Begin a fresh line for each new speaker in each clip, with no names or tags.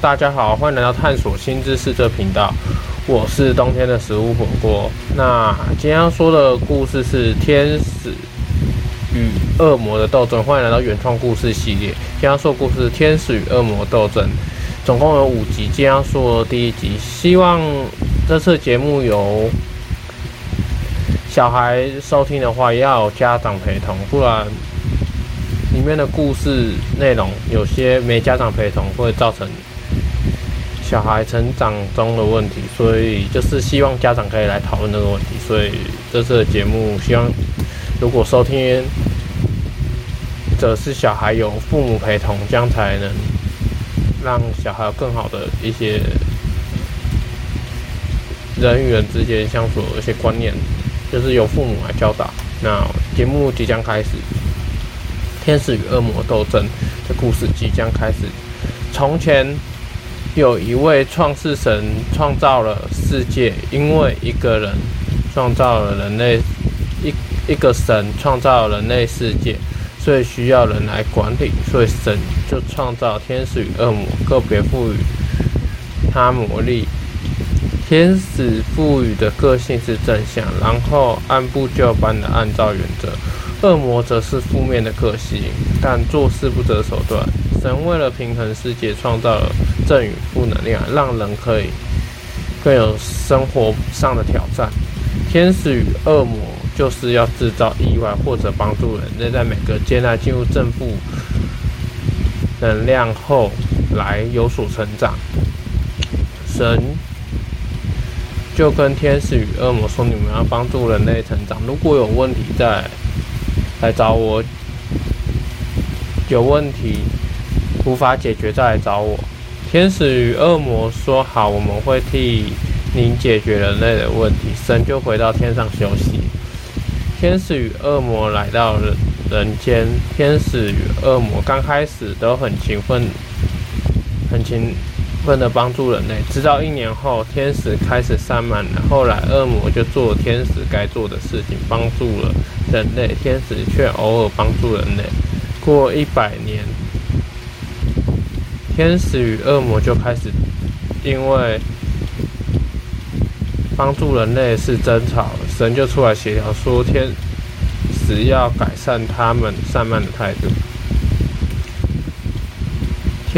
大家好，歡迎來到探索新知識這頻道，我是冬天的食物火鍋。那今天要說的故事是天使與惡魔的鬥爭，歡迎來到原創故事系列。今天要說的故事《天使與惡魔的鬥爭》，總共有五集，今天要說的第一集。希望這次節目有小孩收聽的話，要有家長陪同，不然。裡面的故事內容有些沒家長陪同，會造成小孩成長中的問題，所以就是希望家長可以來討論這個問題。所以這次的節目，希望如果收聽者是小孩，有父母陪同，這樣才能讓小孩有更好的一些人與人之間相處的一些觀念，就是由父母來教導。那節目即將開始。天使與惡魔鬥爭的故事即將開始。從前，有一位創世神創造了世界，因為一個人創造了人類，一一個神創造了人類世界，所以需要人來管理，所以神就創造天使與惡魔，個別賦予他魔力。天使賦予的個性是正向，然後按部就班的按照原則。惡魔則是負面的個性，但做事不擇手段。神為了平衡世界，創造了正與負能量，讓人可以更有生活上的挑戰。天使與惡魔就是要制造意外，或者幫助人類在每個階段進入正負能量後，來有所成長。神就跟天使與惡魔說：“你們要幫助人類成長，如果有問題在。”來找我，有問題無法解決再來找我。天使與惡魔說好，我們會替您解決人類的問題。神就回到天上休息。天使與惡魔來到人，人間，天使與惡魔剛開始都很勤奮，很勤分的幫助人類，直到一年後，天使開始散漫了。後來，惡魔就做天使該做的事情，幫助了人類。天使卻偶爾幫助人類。過一百年，天使與惡魔就開始因為幫助人類是爭吵。神就出來協調，說天使要改善他們散漫的態度。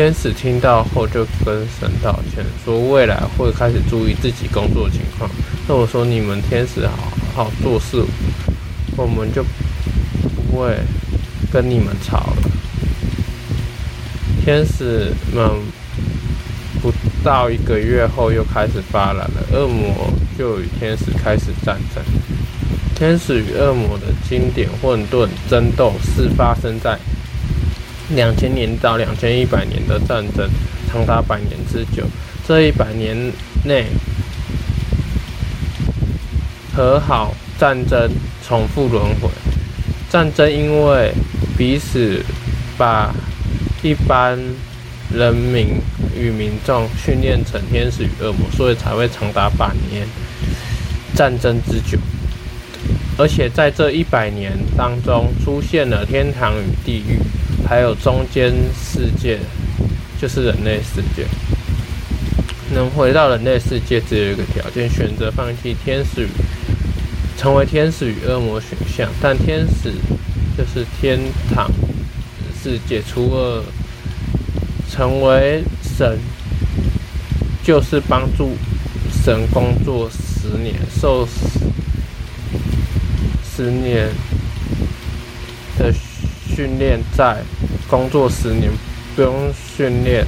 天使聽到後就跟神道歉，說未來會開始注意自己工作情況。那我說你們天使好好做事，我們就不會跟你們吵了。天使們不到一個月後又開始發難了，惡魔就與天使開始戰爭。天使與惡魔的經典混沌爭鬥是發生在。兩千年到兩千一百年的戰爭，長達百年之久。這一百年內，和好戰爭重複輪迴。戰爭因為彼此把一般人民與民眾訓練成天使與惡魔，所以才會長達百年戰爭之久。而且在這一百年當中，出現了天堂與地獄。還有中間世界，就是人類世界。能回到人類世界，只有一個條件：選擇放棄天使與，成為天使與惡魔選項。但天使就是天堂，世界除惡，成為神，就是幫助神工作十年，受十，十年的。訓練在工作十年，你不用訓練，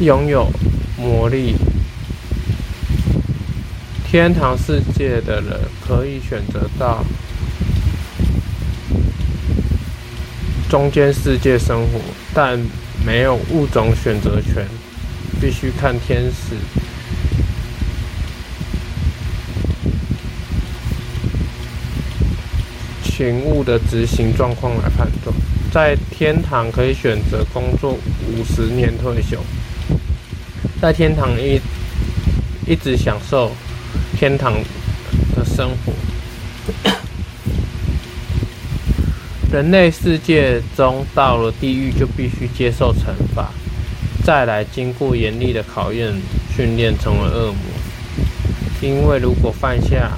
擁有魔力，天堂世界的人可以選擇到中間世界生活，但沒有物種選擇權，必須看天使刑務的執行狀況來判斷，在天堂可以選擇工作五十年退休，在天堂一一直享受天堂的生活。 人類世界中到了地獄就必須接受懲罰，再來經過嚴厲的考驗訓練成為惡魔，因為如果犯下。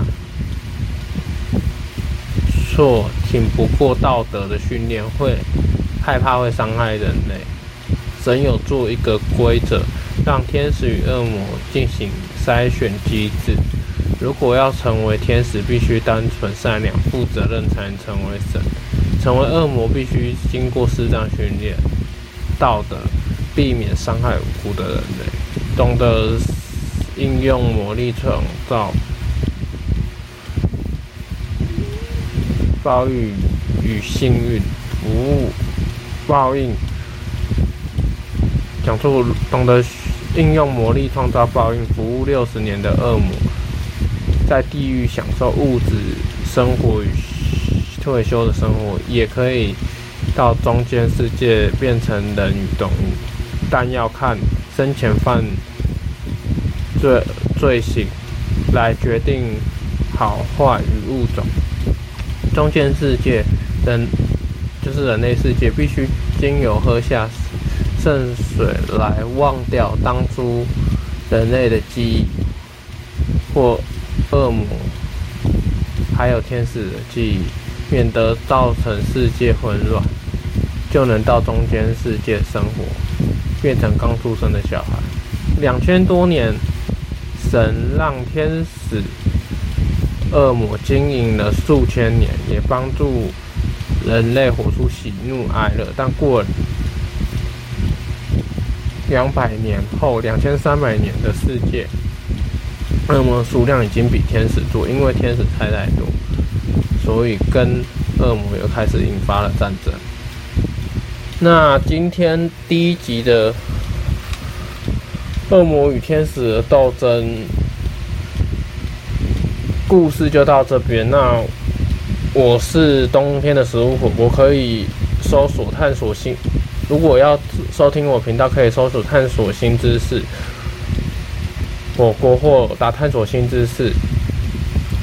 做挺不過道德的訓練，會害怕會傷害人類。神有做一個規則，讓天使與惡魔進行篩選機制。如果要成為天使，必須單純善良、負責任才能成為神；成為惡魔，必須經過適當訓練、道德，避免傷害無辜的人類，懂得應用魔力創造。報應與幸運，服務報應，講述懂得應用魔力創造報應服務六十年的惡魔，在地獄享受物質生活與退休的生活，也可以到中間世界變成人與動物，但要看生前犯罪罪行來決定好壞與物種。中間世界人就是人類世界，必須經由喝下聖水來忘掉當初人類的記憶或惡魔，還有天使的記憶，免得造成世界混亂，就能到中間世界生活，變成剛出生的小孩。兩千多年，神讓天使。惡魔經營了數千年，也幫助人類活出喜怒哀樂。但過兩百年後，兩千三百年的世界，惡魔的數量已經比天使多，因為天使太太多，所以跟惡魔又開始引發了戰爭。那今天第一集的惡魔與天使的鬥爭。故事就到這邊。那我是冬天的食物火鍋，可以搜索，探索新。如果要收聽我頻道，可以搜索探索新知識火鍋，或打探索新知識，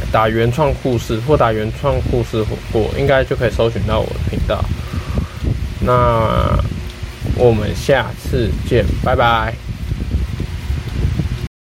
打原創故事或打原創故事火鍋，應該就可以搜尋到我的頻道。那我們下次見，拜拜。